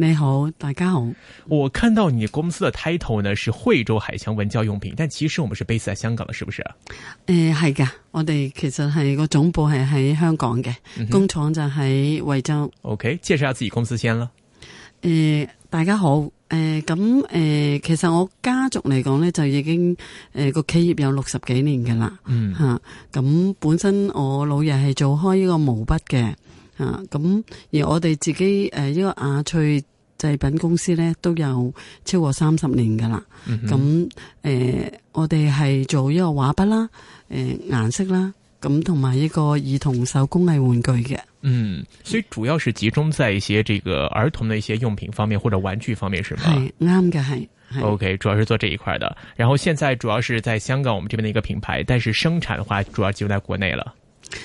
你好，大家好。我看到你公司的 title 呢是惠州海翔文教用品，但其實我們是 base 在香港嘅，是不是？誒係噶，我哋其實係個總部係喺香港嘅，工廠就喺惠州。OK，介紹下自己公司先啦。誒，大家好。誒，咁誒，其實我家族嚟講呢，就已經誒個企業有六十幾年嘅啦。嗯吓，咁本身我老爺係做開呢個毛筆嘅，吓咁而我哋自己誒呢個雅翠。製品公司呢，都有超過三十年噶啦，咁誒、嗯哼呃，我哋係做一個畫筆啦，誒、呃、顏色啦，咁同埋一個兒童手工藝玩具嘅。嗯，所以主要是集中在一些這個兒童的一些用品方面或者玩具方面，是嗎？啱嘅，係。OK，主要是做這一塊嘅。然後現在主要是在香港，我們這邊的一個品牌，但是生產的話主要集中在國內了。誒、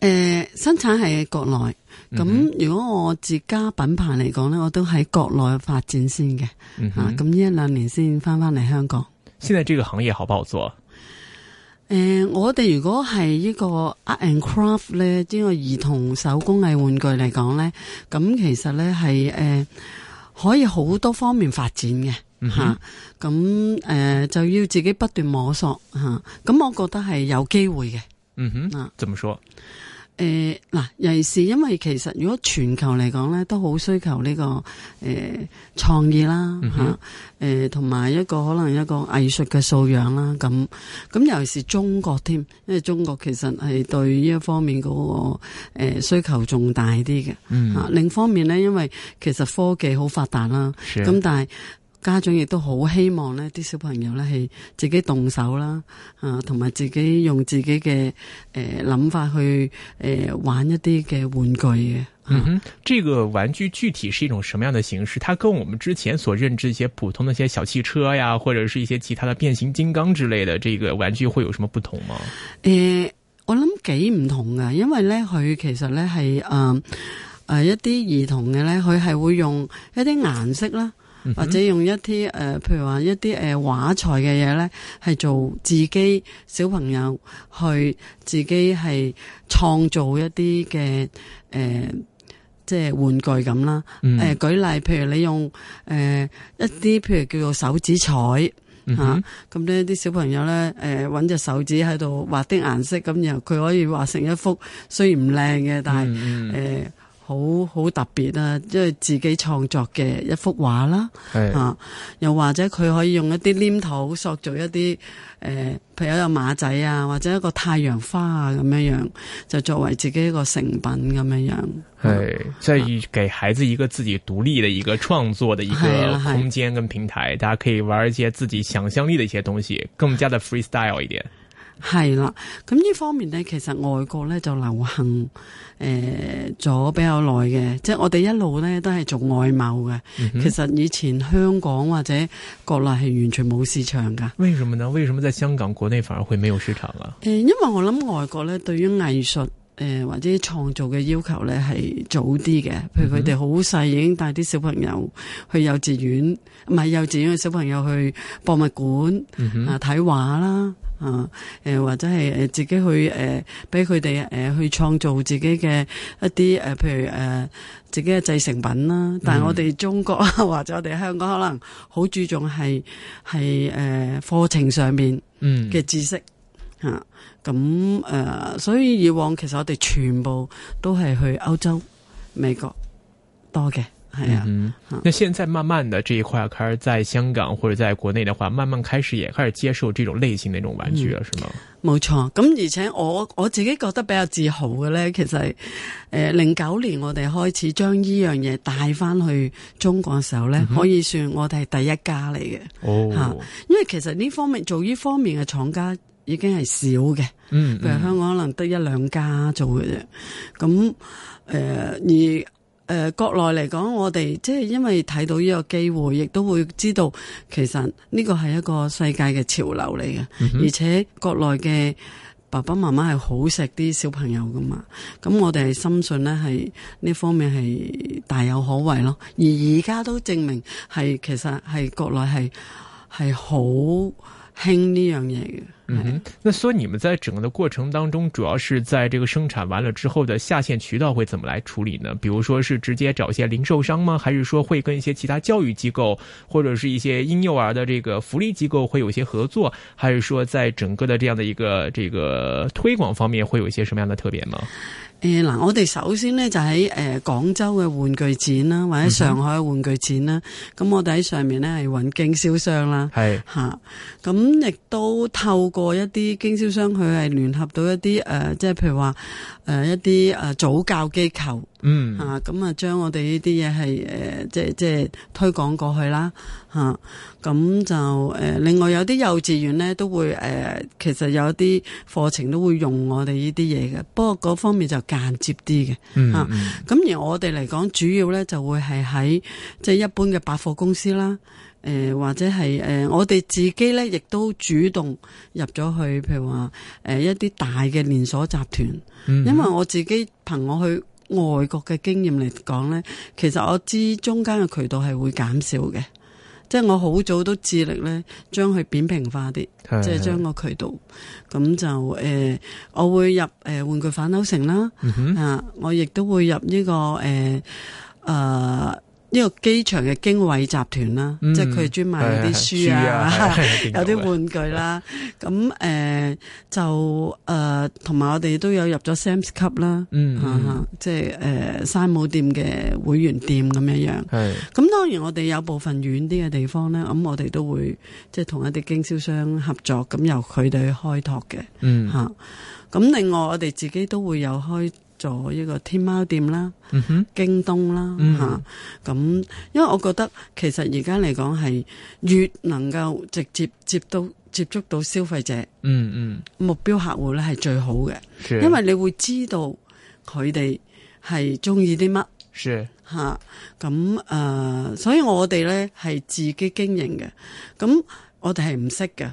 呃，生產係國內。咁、嗯、如果我自家品牌嚟講呢，我都喺國內發展先嘅，吓，咁呢一兩年先翻翻嚟香港。現在這個行業好不好做？誒、呃，我哋如果係呢個 Art and Craft 咧，呢、這個兒童手工藝玩具嚟講呢，咁其實呢係誒、呃、可以好多方面發展嘅，吓咁誒就要自己不斷摸索吓，咁、啊、我覺得係有機會嘅。嗯哼，啊，怎麼說？誒，嗱、呃，尤其是因為其實如果全球嚟講咧，都好需求呢、呢個誒創、呃、意啦嚇，誒同埋一個可能一個藝術嘅素養啦，咁咁尤其是中國添，因為中國其實係對呢一方面嗰、嗰個、呃、需求仲大啲嘅，嚇、嗯啊。另一方面咧，因為其實科技好發達啦，咁、啊、但係。家長亦都好希望呢啲小朋友呢係自己動手啦，啊，同埋自己用自己嘅誒諗法去誒、呃、玩一啲嘅玩具嘅。啊、嗯哼，這個玩具具體是一種什麼樣的形式？它跟我們之前所認知一些普通的一些小汽車呀，或者是一些其他的變形金剛之類的這個玩具，會有什麼不同嗎？誒、呃，我諗幾唔同㗎，因為呢，佢其實呢係誒誒一啲兒童嘅呢佢係會用一啲顏色啦。或者用一啲誒、呃，譬如話一啲誒、呃、畫材嘅嘢咧，係做自己小朋友去自己係創造一啲嘅誒，即係玩具咁啦。誒、呃，舉例譬如你用誒、呃、一啲，譬如叫做手指彩吓，咁呢啲小朋友咧，誒揾隻手指喺度畫啲顏色，咁然後佢可以畫成一幅雖然唔靚嘅，但係誒。嗯呃好好特別啊，因為自己創作嘅一幅畫啦，是啊，又或者佢可以用一啲黏土塑造一啲誒、呃，譬如有馬仔啊，或者一個太陽花啊咁樣樣，就作為自己一個成品咁樣樣。係、啊，即係要給孩子一個自己獨立嘅一個創作嘅一個空間跟平台，啊、大家可以玩一些自己想象力嘅一些東西，更加的 freestyle 一點。係啦，咁呢方面呢，其實外國咧，就流行誒咗、呃、比較耐嘅，即係我哋一路呢都係做外貿嘅。嗯、哼其實以前香港或者國內係完全冇市場噶。為什麼呢？為什麼在香港、國內反而會沒有市場啊？誒、呃，因為我諗外國呢對於藝術誒、呃、或者創造嘅要求呢係早啲嘅，譬如佢哋好細已經帶啲小朋友去幼稚園，唔、呃、係幼稚園嘅小朋友去博物館啊睇，嗯哼呃、畫啦。啊，誒或者係誒自己去誒，俾佢哋誒去創造自己嘅一啲誒、呃，譬如誒、呃、自己嘅製成品啦。但係我哋中國或者我哋香港可能好注重係係誒課程上面嘅知識吓。咁誒、嗯啊呃，所以以往其實我哋全部都係去歐洲、美國多嘅。係啊，嗯，那現在慢慢的這一塊開始，在香港或者在國內的話，慢慢開始也開始接受這種類型嘅一種玩具了，是嗎？冇錯，咁而且我我自己覺得比較自豪嘅咧，其實誒零九年我哋開始將呢樣嘢帶翻去中國嘅時候咧，可以算我哋係第一家嚟嘅，吓，因為其實呢方面做呢方面嘅廠家已經係少嘅，嗯，譬如香港可能得一兩家做嘅啫，咁誒而。誒、呃、國內嚟講，我哋即係因為睇到呢個機會，亦都會知道其實呢個係一個世界嘅潮流嚟嘅，嗯、哼而且國內嘅爸爸媽媽係好錫啲小朋友噶嘛，咁我哋係深信咧係呢方面係大有可為咯，而而家都證明係其實係國內係係好興呢樣嘢嘅。嗯，mm hmm. 那所以你們在整個的過程當中，主要是在這個生產完了之後的下線渠道會怎麼來處理呢？比如說是直接找一些零售商嗎？還是說會跟一些其他教育機構或者是一些嬰幼兒的這個福利機構會有一些合作？還是說在整個的這樣的一個這個推廣方面會有一些什麼樣的特別嗎？誒嗱、呃，我哋首先呢就喺誒廣州嘅玩具展啦，或者上海嘅玩具展啦，咁、mm hmm. 我哋喺上面咧係揾經銷商啦，係吓 Hey.、啊，咁亦都透過。過一啲經銷商，佢係聯合到一啲誒、呃，即係譬如話誒、呃、一啲誒早教機構，嗯啊咁啊，將我哋呢啲嘢係誒即係即係推廣過去啦，吓，咁就誒另外有啲幼稚園咧都會誒、呃，其實有啲課程都會用我哋呢啲嘢嘅，不過嗰方面就間接啲嘅，吓、啊、咁、嗯嗯啊、而我哋嚟講，主要咧就會係喺即係一般嘅百貨公司啦。誒、呃，或者係誒、呃，我哋自己咧，亦都主動入咗去，譬如話誒、呃、一啲大嘅連鎖集團。嗯、哼因為我自己憑我去外國嘅經驗嚟講咧，其實我知中間嘅渠道係會減少嘅，即係我好早都致力咧，將佢扁平化啲，即係、嗯、哼將個渠道。咁就誒、呃，我會入誒、呃、玩具反斗城啦。嗯、哼。啊，我亦都會入呢、這個誒，啊、呃。呃呃呃呢個機場嘅經緯集團啦，嗯、即係佢係專賣嗰啲書是是是啊，是是是是 有啲玩具啦，咁誒、嗯呃、就誒同埋我哋都有入咗 Sam’s Club 啦、啊，吓吓、嗯，即係誒、呃、山姆店嘅會員店咁樣樣。係是，咁當然我哋有部分遠啲嘅地方咧，咁、嗯、我哋都會即係同一啲經銷商合作，咁由佢哋去開拓嘅。嗯，吓、啊，咁另外我哋自己都會有開。做一個天貓店啦，mm hmm. 京東啦吓，咁、mm hmm. 啊、因為我覺得其實而家嚟講係越能夠直接接到接觸到消費者，嗯嗯、mm，hmm. 目標客戶咧係最好嘅，是因為你會知道佢哋係中意啲乜，吓咁誒，所以我哋咧係自己經營嘅，咁、嗯、我哋係唔識嘅。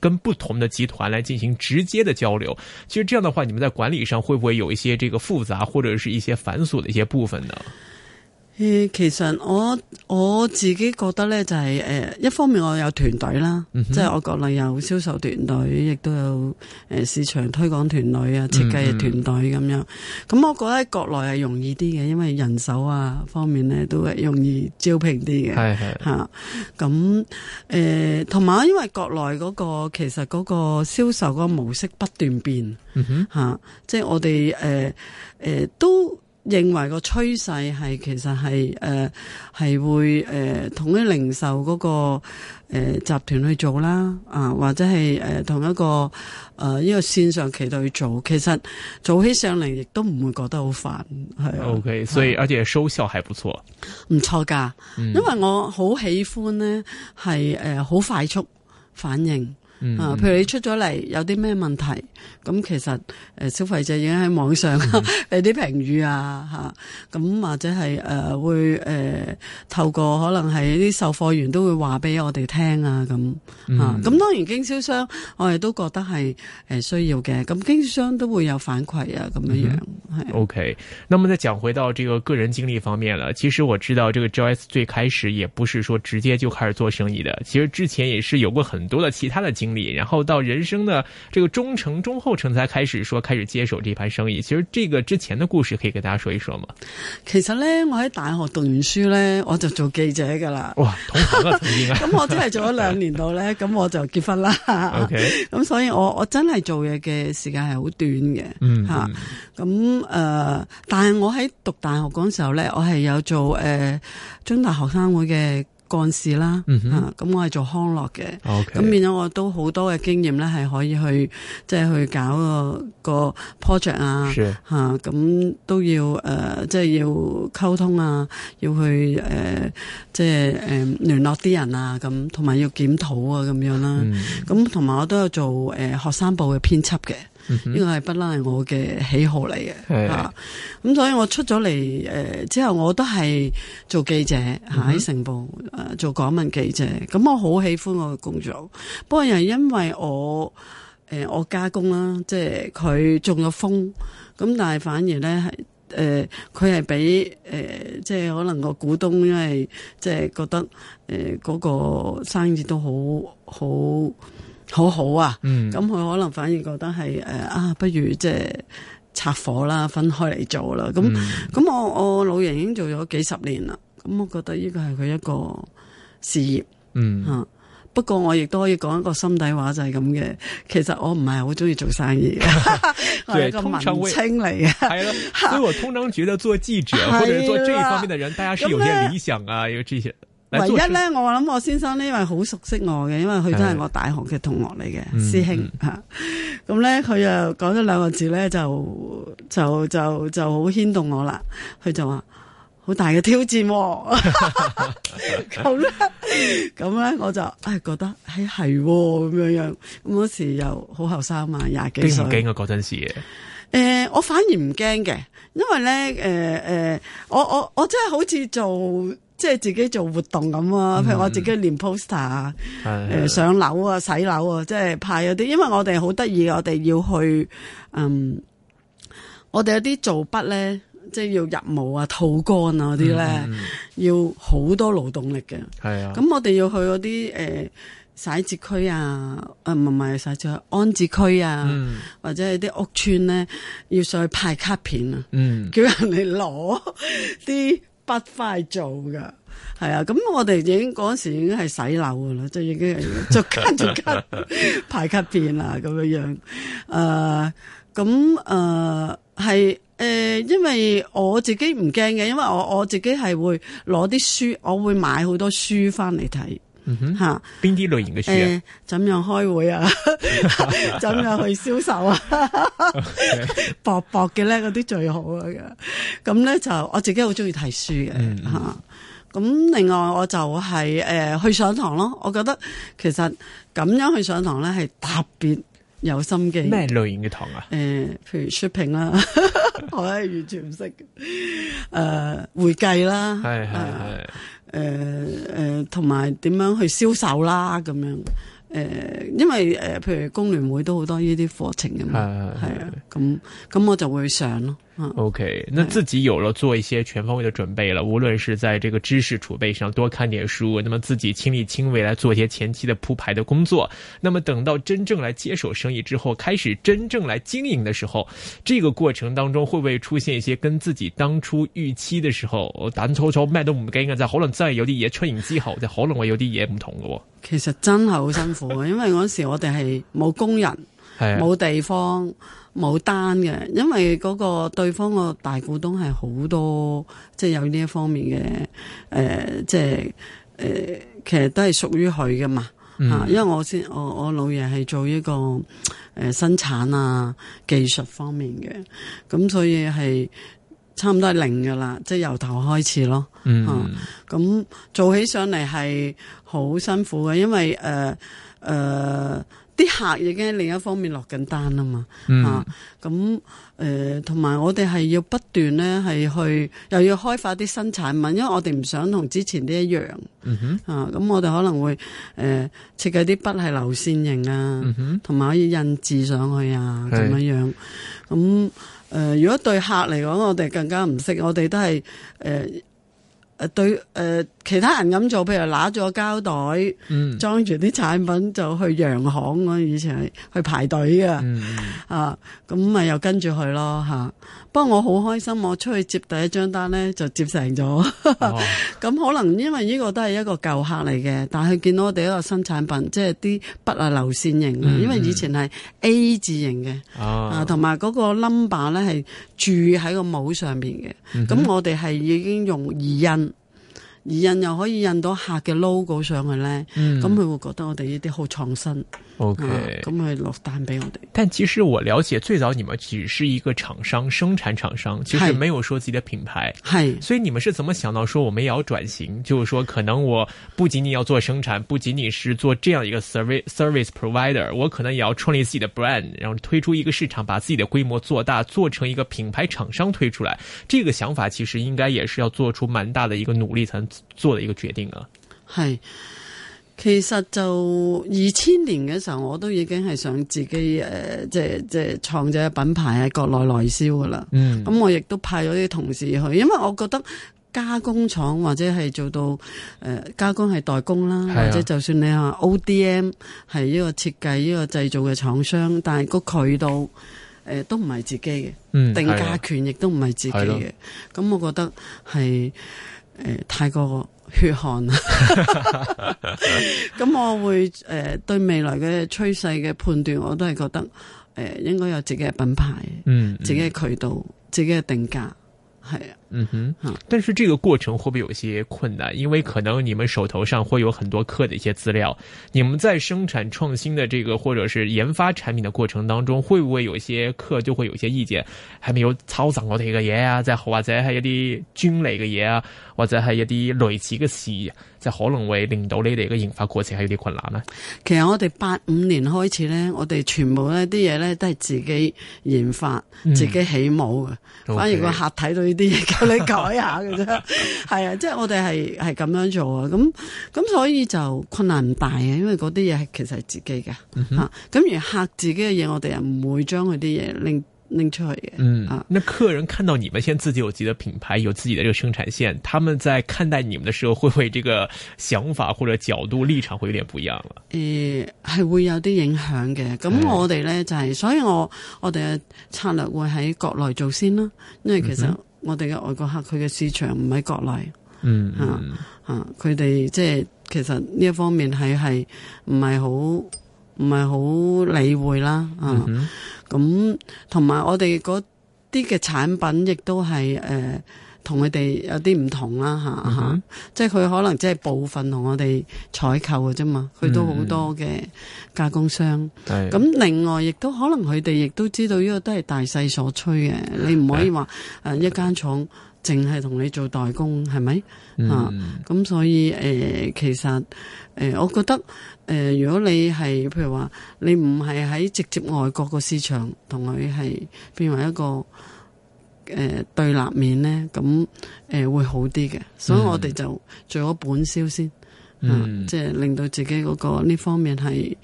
跟不同的集團來進行直接的交流，其實這樣的話，你們在管理上會不會有一些這個複雜或者是一些繁瑣的一些部分呢？誒，其實我我自己覺得咧，就係、是、誒、呃，一方面我有團隊啦，嗯、哼即係我國內有銷售團隊，亦都有誒、呃、市場推廣團隊啊，設計團隊咁樣。咁、嗯、哼我覺得國內係容易啲嘅，因為人手啊方面咧都係容易招聘啲嘅。係係吓，咁誒、啊，同埋、呃、因為國內嗰、那個其實嗰個銷售嗰個模式不斷變，吓、嗯哼啊，即係我哋誒誒都。認為個趨勢係其實係誒係會誒同啲零售嗰個誒集團去做啦，啊或者係誒同一個誒呢、那個呃啊呃個，呃、個線上渠道去做，其實做起上嚟亦都唔會覺得好煩係 O K，所以而且收效還不錯，啊，唔錯噶，嗯、因為我好喜歡呢係誒好快速反應。嗯，譬如你出咗嚟有啲咩問題，咁其實誒、呃、消費者已經喺網上俾啲評語啊，吓、啊、咁或者係誒、呃、會誒、呃、透過可能係啲售貨員都會話俾我哋聽啊咁吓，咁、啊嗯啊、當然經銷商我哋都覺得係誒需要嘅，咁經銷商都會有反饋啊咁樣樣係。嗯、是 OK，那麼再講回到這個個人經歷方面啦，其實我知道這個 Joyce 最開始也不是說直接就開始做生意的，其實之前也是有過很多的其他的經。然後到人生的這個中程、中後程，才開始說開始接手這盤生意。其實這個之前的故事可以跟大家說一說嗎？其實呢，我喺大學讀完書呢，我就做記者噶啦。哇、哦，好快咁我真係做咗兩年度呢，咁 我就結婚啦。咁 Okay. 所以我我真係做嘢嘅時間係好短嘅。嗯吓、嗯，咁誒、啊，但係我喺讀大學嗰陣時候呢，我係有做誒中大學生會嘅。幹事啦，嗯哼，咁、啊嗯、我係做康樂嘅，咁變咗我都好多嘅經驗咧，係可以去即係、就是、去搞個個 project 啊，嚇咁是、啊嗯、都要誒、呃、即係要溝通啊，要去誒、呃、即係誒、呃、聯絡啲人啊，咁同埋要檢討啊，咁樣啦，咁同埋我都有做誒、呃、學生部嘅編輯嘅。呢個係不嬲，係、嗯、我嘅喜好嚟嘅。咁的、啊、所以我出咗嚟誒之後，我都係做記者，喺、嗯、哼成報誒、呃、做港聞記者。咁、嗯、我好喜歡我嘅工作，不過又因為我誒、呃、我加工啦，即係佢中咗風，咁但係反而咧係誒佢係比誒、呃、即係可能個股東因為即係覺得誒嗰、呃那個生意都好好。好好啊，咁佢、嗯、可能反而覺得係誒啊，不如即係拆伙啦，分開嚟做啦。咁咁我我老人已經做咗幾十年啦，咁我覺得呢個係佢一個事業，嗯吓、啊。不過我亦都可以講一個心底話就係咁嘅。其實我唔係好中意做生意嘅，係 個文青嚟嘅。 所以我通常覺得做記者 了或者做呢一方面嘅人，大家是有啲理想啊，因為這些 唯一咧，我諗我先生呢，因為好熟悉我嘅，因為佢都係我大學嘅同學嚟嘅、嗯、師兄吓。咁、嗯、咧，佢又講咗兩個字咧，就就就就好牽動我啦。佢就話好大嘅挑戰、哦。咁 咧 、嗯，咁咧、 嗯，我就唉覺得係係咁樣樣。咁嗰時又好後生啊，廿幾歲。驚唔驚啊？嗰陣時誒，我反而唔驚嘅，因為咧，誒、呃、誒，我、呃、我我，我，我真係好似做。即係自己做活動咁啊，譬如我自己練 poster 啊，誒上樓啊、洗樓啊，即係派嗰啲。因為我哋好得意，我哋要去嗯，我哋有啲做筆咧，即係要入模啊、套干啊嗰啲咧，要好多勞動力嘅。係啊，咁我哋要去嗰啲誒，徙置區啊，誒唔係唔係徙置，安置區啊，或者係啲屋村咧，要上去派卡片啊，嗯，叫人嚟攞啲不快做噶，係啊，咁我哋已經嗰陣時已經係洗樓噶啦，即已經係逐級逐級排級片啦咁嘅樣，誒、呃，咁誒係誒，因為我自己唔驚嘅，因為我我自己係會攞啲書，我會買好多書翻嚟睇。吓，邊啲類型嘅書啊？怎樣開會啊？怎樣去銷售啊？薄薄嘅咧，嗰啲最好啊！咁咧就我自己好中意睇書嘅吓。咁另外我就係誒去上堂咯。我覺得其實咁樣去上堂咧係特別有心機。咩類型嘅堂啊？誒，譬如 shipping 啦，我係完全唔識。誒，會計啦，係係係。誒誒，同埋點樣去銷售啦咁樣誒、呃，因為誒、呃，譬如工聯會都好多呢啲課程㗎嘛，係係係啊，咁咁我就會去上咯。O、okay, K，那自己有了做一些全方位的準備了，無論是在這個知識儲備上多看點書，那麼自己親力親為來做一些前期的鋪排的工作。那麼等到真正來接手生意之後，開始真正來經營的時候，這個過程當中會不會出現一些跟自己當初預期的時候，我當初初咩都唔驚嘅，就可能真係有啲嘢出現之後，就可能會有啲嘢唔同嘅。其實真係好辛苦， 因為嗰時我哋係冇工人，冇 地方。 冇單嘅，因為嗰個對方個大股東係好多，即係有呢一方面嘅誒、呃，即係誒、呃，其實都係屬於佢㗎嘛嚇。嗯、因為我先，我我老爺係做一個誒、呃、生產啊技術方面嘅，咁所以係差唔多係零㗎啦，即係由頭開始咯嚇。咁、嗯啊、做起上嚟係好辛苦嘅，因為誒誒。呃呃啲客已經喺另一方面落緊單啦嘛，嗯，咁誒同埋我哋係要不斷咧係去又要開發啲新產品，因為我哋唔想同之前啲一樣、嗯、哼啊，咁我哋可能會誒、呃、設計啲筆係流線型啊，同埋、嗯、哼可以印字上去啊，咁是樣樣咁誒，如果對客嚟講，我哋更加唔識，我哋都係誒。誒，對誒，其他人咁做，譬如拿咗膠袋裝住啲產品就去洋行，我以前係去排隊嘅、嗯啊，啊，咁咪又跟住去咯吓。不過我好開心，我出去接第一張單咧就接成咗。咁、oh. 可能因為呢個都係一個舊客嚟嘅，但係佢見到我哋一個新產品，即係啲筆啊流線型，嗯、因為以前係 A 字型嘅，oh. 啊，同埋嗰個 number 咧係住喺個帽上邊嘅。咁、mm hmm. 我哋係已經用移印。而印又可以印到客嘅 logo 上去咧，咁佢、嗯、會覺得我哋呢啲好創新。OK，嗯，但其實我了解最早你們只是一個廠商，生產廠商，其實沒有說自己的品牌。是，所以你們是怎麼想到說我們也要轉型？是，就是說可能我不僅僅要做生產，不僅僅是做這樣一個 service service provider，我可能也要創立自己的 brand，然後推出一個市場，把自己的規模做大，做成一個品牌廠商推出來。這個想法其實應該也是要做出蠻大的一個努力，才能做的一個決定啊。係。其實就二千年嘅時候，我都已經係想自己誒，即係即係創作品牌喺國內內銷噶啦。嗯。咁我亦都派咗啲同事去，因為我覺得加工廠或者係做到誒、呃、加工係代工啦、啊、或者就算你吓 O D M 係呢個設計、呢個製造嘅廠商，但係個渠道誒、呃、都唔係自己嘅，嗯啊、定價權亦都唔係自己嘅。咁、啊啊、我覺得係誒、呃、太過。血汗啊！咁 我會呃，對未來嘅趨勢嘅判斷，我都係覺得呃，應該有自己嘅品牌，嗯，自己嘅渠道，嗯，自己嘅定價，係啊。嗯哼，但是這個過程會不會有些困難？因為可能你們手頭上會有很多客的一些資料，你們在生產創新的這個或者是研發產品的過程當中，會不會有一些客就會有一些意見，係咪有抄襲我哋嘅嘢啊？即係，或者係一啲專利嘅嘢啊，或者係一啲、啊、類似嘅事，就可能會令到你哋嘅研發過程係有啲困難咧。其實我哋八五年開始咧，我哋全部咧啲嘢咧都係自己研發、嗯、自己起模嘅，okay. 反而個客睇到呢啲嘢。你改下嘅啫，係啊， 即係我哋係係咁樣做啊，咁咁所以就困難唔大啊，因為嗰啲嘢係其實係自己嘅吓，咁而吓自己嘅嘢，我哋又唔會將佢啲嘢拎拎出去嘅。嗯，啊，那客人看到你們先，自己有自己嘅品牌，有自己嘅這個生產線，他們在看待你們嘅時候，會不會這個想法或者角度立場會有點不一樣啊。誒、 嗯，係、嗯、會有啲影響嘅。咁我哋咧就係、是，所以我我哋嘅策略會喺國內做先咯，因為其實。我哋嘅外國客佢嘅市場唔喺國內，嚇嚇，嗯嗯，佢哋即係其實呢一方面係係唔係好唔係好理會啦，啊咁同埋我哋嗰啲嘅產品亦都係誒。呃同佢哋有啲唔同啦嚇嚇，啊 mm hmm. 即係佢可能即係部分同我哋採購嘅啫嘛，佢、mm hmm. 都好多嘅加工商。咁、mm hmm. 另外亦都可能佢哋亦都知道呢個都係大勢所趨嘅，mm hmm. 你唔可以話誒一間廠淨係同你做代工係咪？嚇咁所以誒、呃、其實誒、呃、我覺得誒、呃、如果你係譬如話你唔係喺直接外國個市場同佢係變為一個。誒、呃，對立面咧咁、呃、誒會好啲嘅，所以我哋就做咗本銷先，啊、嗯，即係令到自己嗰個呢方面係誒、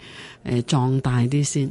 呃、壯大啲先。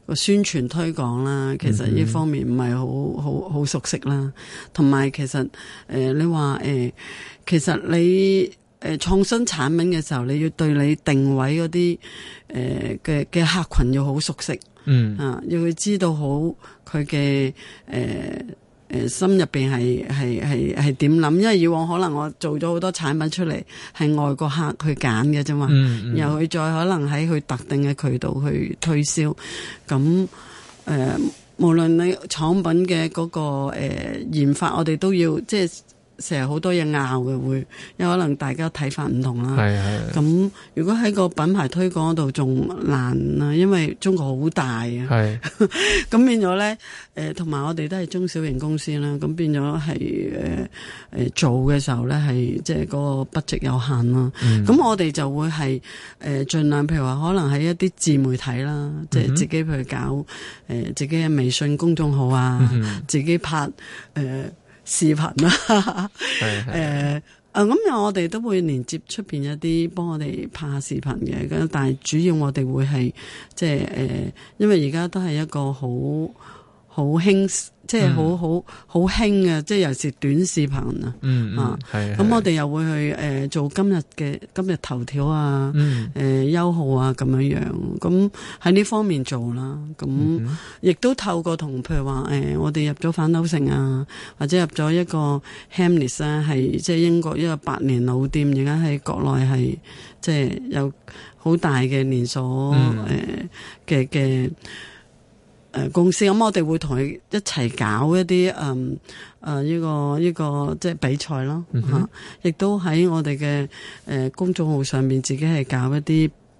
個宣傳推廣啦，其實呢方面唔係好好好熟悉啦，同埋、mm hmm. 其實誒、呃，你話誒、呃，其實你誒創、呃、新產品嘅時候，你要對你定位嗰啲誒嘅嘅客群要好熟悉，嗯、mm hmm. 啊，要去知道好佢嘅誒。呃誒心入邊係係係係點諗？因為以往可能我做咗好多產品出嚟，係外國客去揀嘅啫嘛，嗯，然後佢再可能喺佢特定嘅渠道去推銷。咁誒、呃，無論你廠品嘅嗰個、呃、研發，我哋都要即係。成日好多嘢拗嘅，會有可能大家睇法唔同啦。係啊是的，咁如果喺個品牌推廣嗰度仲難啦，因為中國好大啊。係是的， 咁變咗咧，誒，同埋我哋都係中小型公司啦。咁變咗係誒誒，做嘅時候咧係即係嗰個 budget 有限啦。咁、嗯、我哋就會係誒盡量，譬如話可能喺一啲自媒體啦，嗯、哼 即係自己去搞誒、呃，自己嘅微信公眾號啊，嗯、哼 自己拍誒。呃呃視頻啦是、呃，誒、嗯，誒，咁我哋都會連接出邊一啲幫我哋拍下視頻嘅，咁但係主要我哋會係即係誒、呃，因為而家都係一個好。好興，即係好好好興啊！即係尤其係短視頻啊，啊，咁我哋又會去誒、呃、做今日嘅今日頭條啊，誒優酷啊咁樣樣，咁喺呢方面做啦。咁、嗯嗯、亦都透過同譬如話誒、呃，我哋入咗反斗城啊，或者入咗一個 Hamleys 啊，係即係英國一個百年老店，而家喺國內係即係有好大嘅連鎖誒嘅嘅。呃嗯呃誒、呃，公司咁、嗯、我哋會同佢一齊搞一啲誒誒呢個呢、呢個即係、呢個呢個呢個、比賽咯吓，亦、啊嗯、哼都喺我哋嘅誒公眾號上面自己係搞一啲。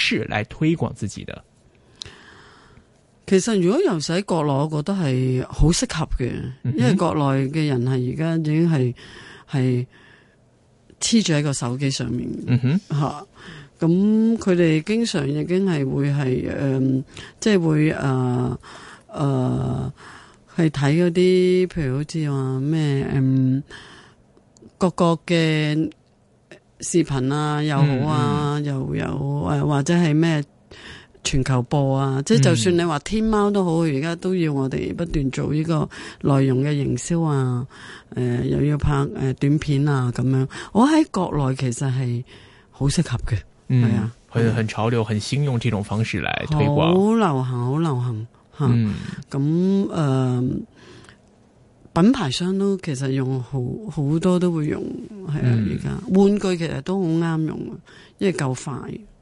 是來推廣自己的。其實如果尤其喺國內，我覺得係好適合嘅，嗯哼，因為國內嘅人係而家已經係係黐住喺個手機上面。嗯哼，吓，咁佢哋經常已經係會係，誒、呃，即係會誒誒，係睇嗰啲，譬如好似話咩，嗯、呃，各個嘅。視頻啊又好啊，嗯、又有誒、啊、或者係咩全球播啊，嗯、即係就算你話天貓都好，而家都要我哋不斷做呢個內容嘅營銷啊，誒、呃、又要拍誒、呃、短片啊咁樣。我喺國內其實係好適合嘅，係、嗯、啊，很、嗯、很潮流，很興用這種方式嚟推廣，好流行，好流行吓，咁、嗯、誒。嗯嗯品牌商都其實用好好多都會用，係啊，而家玩具其實都好啱用，因為夠快。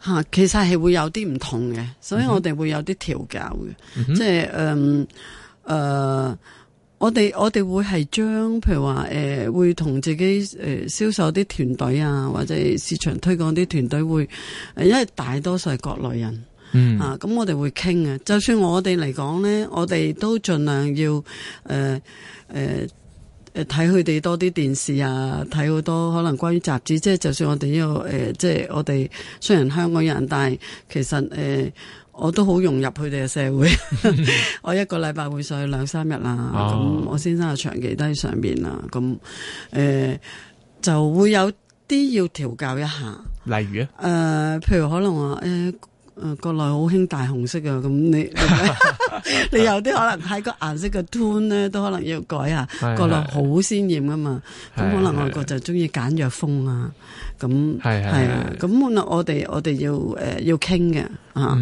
吓，其實係會有啲唔同嘅，所以我哋會有啲調教嘅，嗯、哼即係誒誒，我哋我哋會係將譬如話誒、呃、會同自己誒、呃、銷售啲團隊啊，或者市場推廣啲團隊會，因為大多數係國內人，嗯啊，咁我哋會傾嘅。就算我哋嚟講咧，我哋都盡量要誒誒。呃呃誒睇佢哋多啲電視啊，睇好多可能關於雜誌，即係就算我哋呢、這個誒、呃，即係我哋雖然香港人，但係其實誒、呃、我都好融入佢哋嘅社會。 我一個禮拜會上去兩三日啊，咁、哦、我先生又長期都喺上邊啦、啊，咁誒、呃、就會有啲要調教一下。例如啊，誒、呃、譬如可能話誒。呃誒， 國內好興大紅色噶，咁你你，你有啲可能睇個顏色嘅 tone 咧，都可能要改啊。 國內好鮮艷噶嘛，咁 可能外國就中意簡約風啊。咁係係啊，咁我哋我哋要誒要傾嘅啊。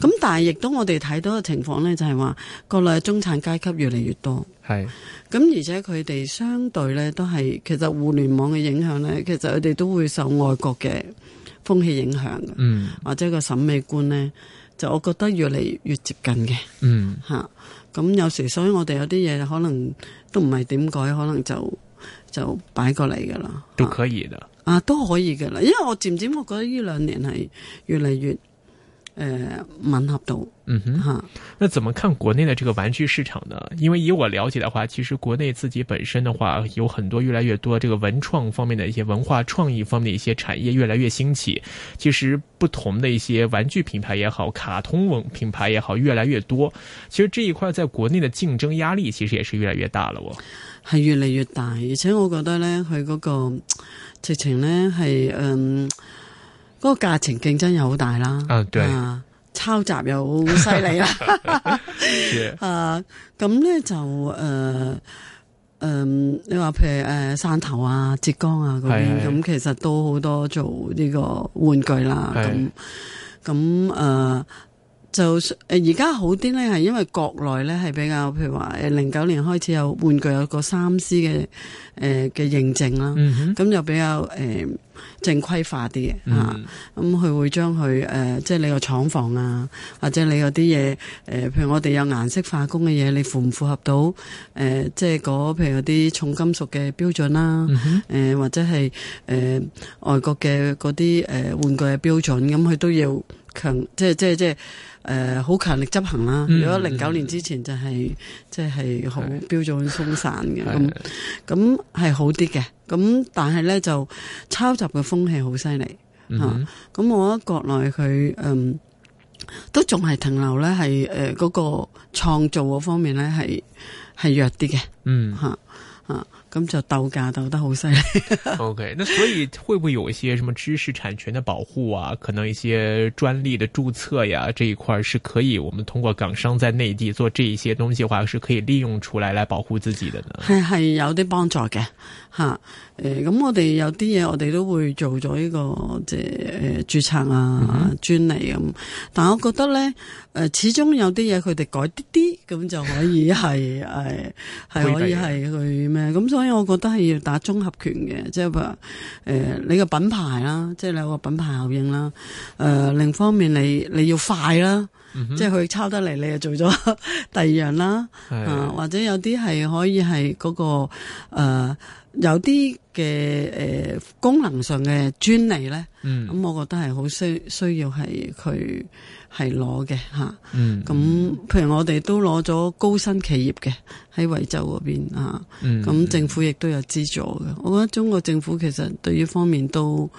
咁但係亦都我哋睇到嘅情況咧，就係話國內中產階級越嚟越多。係咁是、啊，而且佢哋相對咧都係，其實互聯網嘅影響咧，其實佢哋都會受外國嘅。風氣影響嘅，嗯、或者個審美觀咧，就我覺得越嚟越接近嘅，吓咁、嗯啊、有時，所以我哋有啲嘢可能都唔係點改，可能就就擺過嚟噶啦，都可以嘅，啊都可以嘅啦，因為我漸漸我覺得呢兩年係越嚟越。誒、呃，吻合到，嗯哼吓。那怎麼看國內的這個玩具市場呢？因為以我了解的話，其實國內自己本身的話，有很多越來越多這個文創方面的一些文化創意方面的一些產業越來越興起。其實不同的一些玩具品牌也好，卡通文品牌也好，越來越多。其實這一塊在國內的競爭壓力其實也是越來越大了。哦係越嚟越大，而且我覺得呢，佢嗰、嗰個直情呢係嗯。嗰個價錢競爭又好大啦，oh, 對啊，抄襲又好犀利啦，啊，咁咧就誒，嗯、呃呃，你話譬如誒，汕頭啊、浙江啊嗰邊，咁是其實都好多做呢個玩具啦，咁是，咁誒。就誒而家好啲咧，係因為國內咧係比較譬如話，誒零九年開始有玩具有個三 C 嘅誒嘅認證啦，咁、嗯、哼就比較誒、呃、正規化啲嘅，嚇、啊。咁、嗯、佢會將佢誒即係你個廠房啊，或者你嗰啲嘢，誒譬如我哋有顏色化工嘅嘢，你符唔符合到誒、呃、即係嗰譬如嗰啲重金屬嘅標準啦、啊，誒、嗯哼呃、或者係誒、呃、外國嘅嗰啲誒玩具嘅標準，咁佢都要。強即係即係即係誒，好、呃、強力執行啦。嗯、如果零九年之前就係即係好標準鬆散嘅，咁咁係好啲嘅。咁但係咧就抄襲嘅風氣好犀利吓。咁、嗯啊、我覺得國內佢嗯都仲係停留咧，係誒嗰個創造嗰方面咧係係弱啲嘅。嗯吓啊。啊咁就鬥價鬥得好犀利。 OK，那所以會唔會有一些什麼知識產權的保護啊？可能一些專利的注冊呀，這一塊是可以我們通過港商在內地做這一些東西話，是可以利用出來來保護自己的呢？係係有啲幫助嘅吓。誒、啊，咁、呃、我哋有啲嘢我哋都會做咗呢個即係誒注冊啊專利咁。嗯、哼但係我覺得咧。誒，始終有啲嘢佢哋改啲啲，咁就可以係誒，係 可以係去咩？咁 所以我覺得係要打綜合拳嘅，即係話誒，你，品你個品牌啦，即係你有個品牌效應啦。誒，另一方面你你要快啦，嗯、哼即係佢抄得嚟，你又做咗第二樣啦。啊、呃，的或者有啲係可以係嗰、那個誒。呃有啲嘅誒功能上嘅專利咧，咁我覺得係好需需要係佢係攞嘅嚇。咁譬如我哋都攞咗高新企業嘅喺惠州嗰邊嚇，咁、嗯、政府亦都有資助嘅。我覺得中國政府其實對呢方面都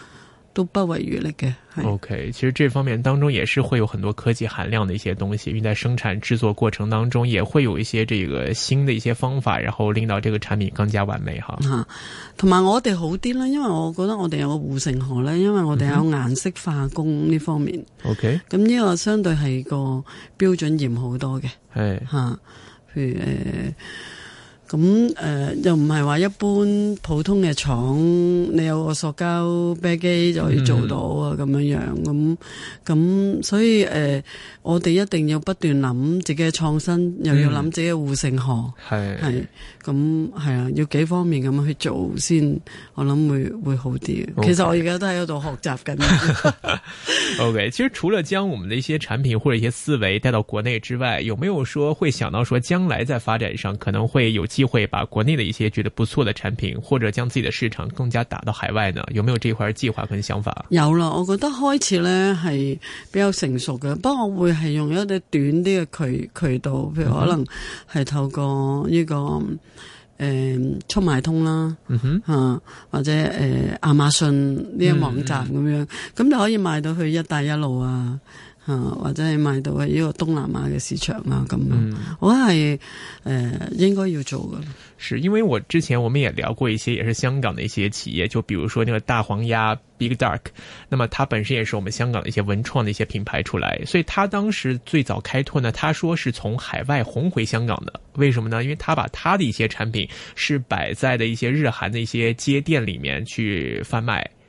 都不遺餘力嘅。O、okay, K，其實這方面當中也是會有很多科技含量的一些東西，因為在生產製作過程當中，也會有一些這個新的一些方法，然後令到這個產品更加完美哈。吓，同埋、嗯、我哋好啲啦，因為我覺得我哋有個護城河咧，因為我哋有顏色化工呢方面。O K，咁呢個相對係個標準嚴好多嘅。係吓、嗯，譬如誒。呃咁誒、呃、又唔係話一般普通嘅廠，你有個塑膠啤機就可以做到啊咁樣樣，咁咁所以誒。呃我哋一定要不斷諗自己嘅創新，又要諗自己嘅護城河，係咁係啊，要幾方面咁樣去做先，我諗會會好啲。Okay. 其實我而家都喺度學習緊。 Okay，其實除了將我們的一些產品或者一些思維帶到國內之外，有沒有說會想到說將來在發展上可能會有機會把國內的一些覺得不錯的產品，或者將自己的市場更加打到海外呢？有沒有這一塊計劃跟想法？ 有啦，我覺得開始咧係比較成熟嘅，不過我會。係用一啲短啲嘅渠渠道，譬如可能係透過呢、這個誒、呃、速賣通啦、吓、嗯、哼或者誒亞、呃、馬遜呢個網站咁樣、咁、嗯嗯、就可以賣到去一帶一路啊。啊，或者係賣到一個東南亞嘅市場啦，咁樣我，我係誒應該要做嘅啦。是因為我之前我們也聊過一些，也是香港的一些企業，就比如說那個大黃鴨 Big Dark，那麼它本身也是我們香港的一些文創的一些品牌出來，所以它當時最早開拓呢，它說是從海外紅回香港的，為什麼呢？因為它把它的一些產品是擺在的一些日韓的一些街店裏面去販賣。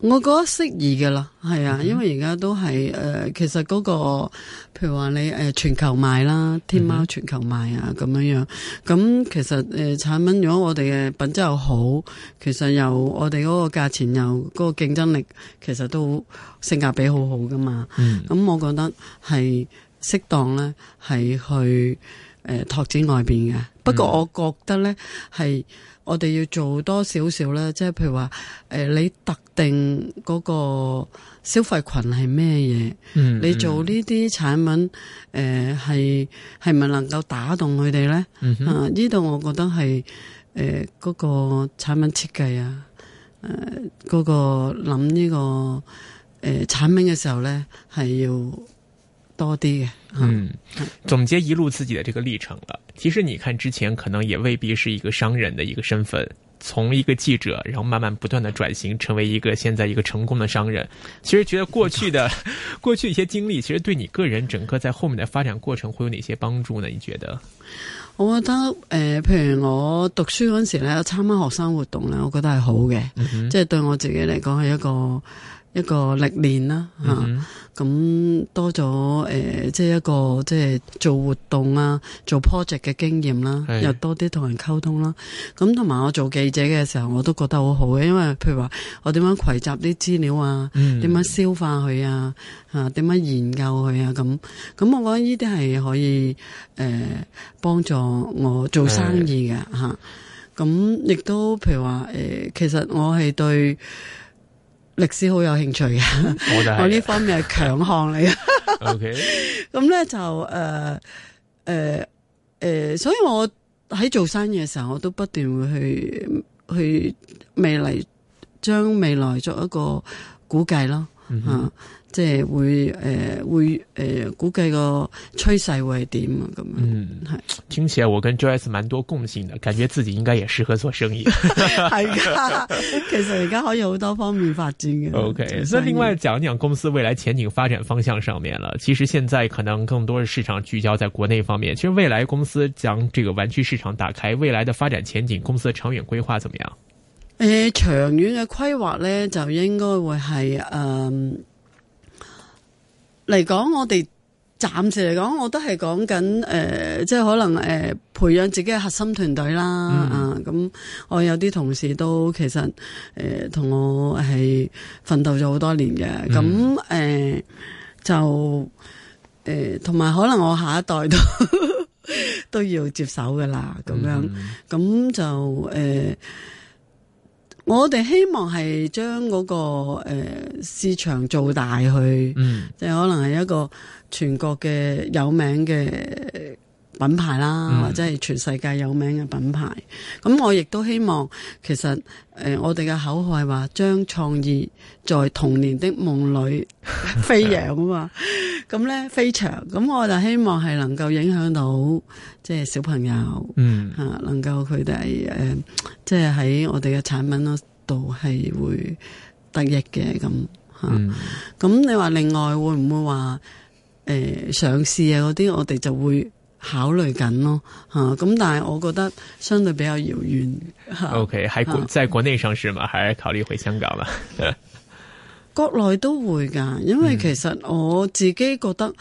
我覺得適宜嘅啦，係啊，因為而家都係誒、呃，其實嗰、那個譬如話你誒、呃、全球賣啦，天貓全球賣啊，咁樣樣，咁、嗯嗯、其實誒、呃、產品如果我哋嘅品質又好，其實又我哋嗰個價錢又嗰、那個競爭力，其實都性價比好好噶嘛。咁、嗯嗯、我覺得係適當咧，係去誒、呃、拓展外邊嘅。不過我覺得咧係。我哋要做多少少咧，即係譬如話，誒、呃，你特定嗰個消費群係咩嘢？嗯，你做呢啲產品，誒、呃，係係咪能夠打動佢哋咧？呢度、嗯哼啊、我覺得係，誒、呃，嗰、那個產品設計啊，誒、呃，嗰、那個諗呢、這個，誒、呃，產品嘅時候咧，係要多啲嘅。啊、嗯，總結一路自己嘅這個歷程啦。其實你看，之前可能也未必是一個商人的一個身份，從一個記者，然後慢慢不斷的轉型，成為一個現在一個成功的商人。其實覺得過去的，過去一些經歷，其實對你個人整個在後面的發展過程會有哪些幫助呢？你覺得？我覺得呃譬如我讀書嗰時呢，我參加學生活動呢，我覺得係好嘅，即係、嗯、哼對我自己嚟講係一個。一個歷練啦，吓、啊、咁、嗯、多咗誒、呃，即係一個即係做活動啊，做 project 嘅經驗啦、啊，又多啲同人溝通啦，咁同埋我做記者嘅時候，我都覺得好好嘅，因為譬如話我點樣攜集啲資料啊，點樣消化佢啊，吓點樣研究佢啊，咁咁我覺得呢啲係可以誒幫、呃、助我做生意嘅吓，咁亦、嗯哼啊啊、都譬如話誒、呃，其實我係對。歷史好有興趣嘅，我就係，我呢 方面係強項嚟嘅。咁 咧 Okay. 就誒誒誒，所以我喺做生意嘅時候，我都不斷會去去未來將未來作一個估計咯，嗯哼。啊即係會誒、呃、會誒、呃、估計個趨勢會係點啊咁樣。嗯，係是聽起來我跟 Joyce 蠻多共性的，感覺自己應該也適合做生意。係 噶， 其實而家可以好多方面發展嘅。OK，所以另外講一講公司未來前景發展方向上面啦。其實現在可能更多嘅市場聚焦在國內方面。其實未來公司將這個玩具市場打開，未來的發展前景，公司長遠規劃怎麼樣？誒、呃，長遠嘅規劃呢，就應該會係誒。嗯嗯嚟講，我哋暫時嚟講，我都係講緊誒，即係可能誒、呃，培養自己嘅核心團隊啦。嗯、啊，咁我有啲同事都其實誒，同、呃、我係奮鬥咗好多年嘅。咁誒、嗯呃、就誒，同、呃、埋可能我下一代都 都要接手㗎喇。咁樣咁、嗯、就誒。呃我哋希望係將嗰個、呃、市場做大去，即係、嗯、可能係一個全國嘅有名嘅品牌啦，或者係全世界有名嘅品牌。咁、嗯、我亦都希望，其實誒、呃，我哋嘅口號係話將創意在童年的夢裏飛揚啊嘛。咁咧飛長，咁 我就希望係能夠影響到即係小朋友，嗯，吓、啊、能夠佢哋誒，即係喺我哋嘅產品嗰度係會得益嘅咁。吓，咁、啊嗯、你話另外會唔會話誒、呃、上市啊嗰啲，我哋就會。考慮緊咯，吓咁，但係我覺得相對比較遙遠。O Okay , K，、啊、還國在國內上市嘛，還考慮回香港啦？ 國內都會噶，因為其實我自己覺得，誒、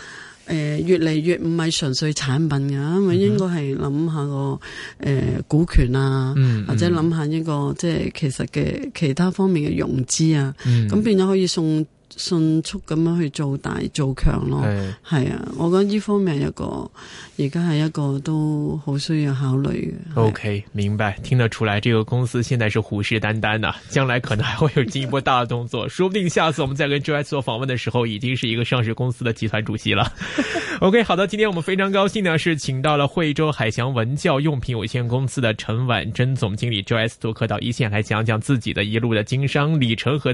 呃、越嚟越唔係純粹產品噶，咁應該係諗下個誒、呃、股權啊，或者諗下呢個即係其實嘅其他方面嘅融資啊，咁、嗯、變咗可以送。迅速咁樣去做大做強咯，係、哎、啊，我覺得呢方面一個而家係一個都好需要考慮嘅。啊、o、okay, K，明白，聽得出來，這個公司現在是虎視眈眈，眈啊，將來可能還會有進一步大動作， 說不定下次我們再跟 Joyce 做訪問的時候，已經是一個上市公司的集團主席了。 o、okay, K，好的，今天我們非常高興呢，是請到了惠州海翔文教用品有限公司的陳婉珍總經理 Joyce 做客到一線來講講自己的一路的經商里程和，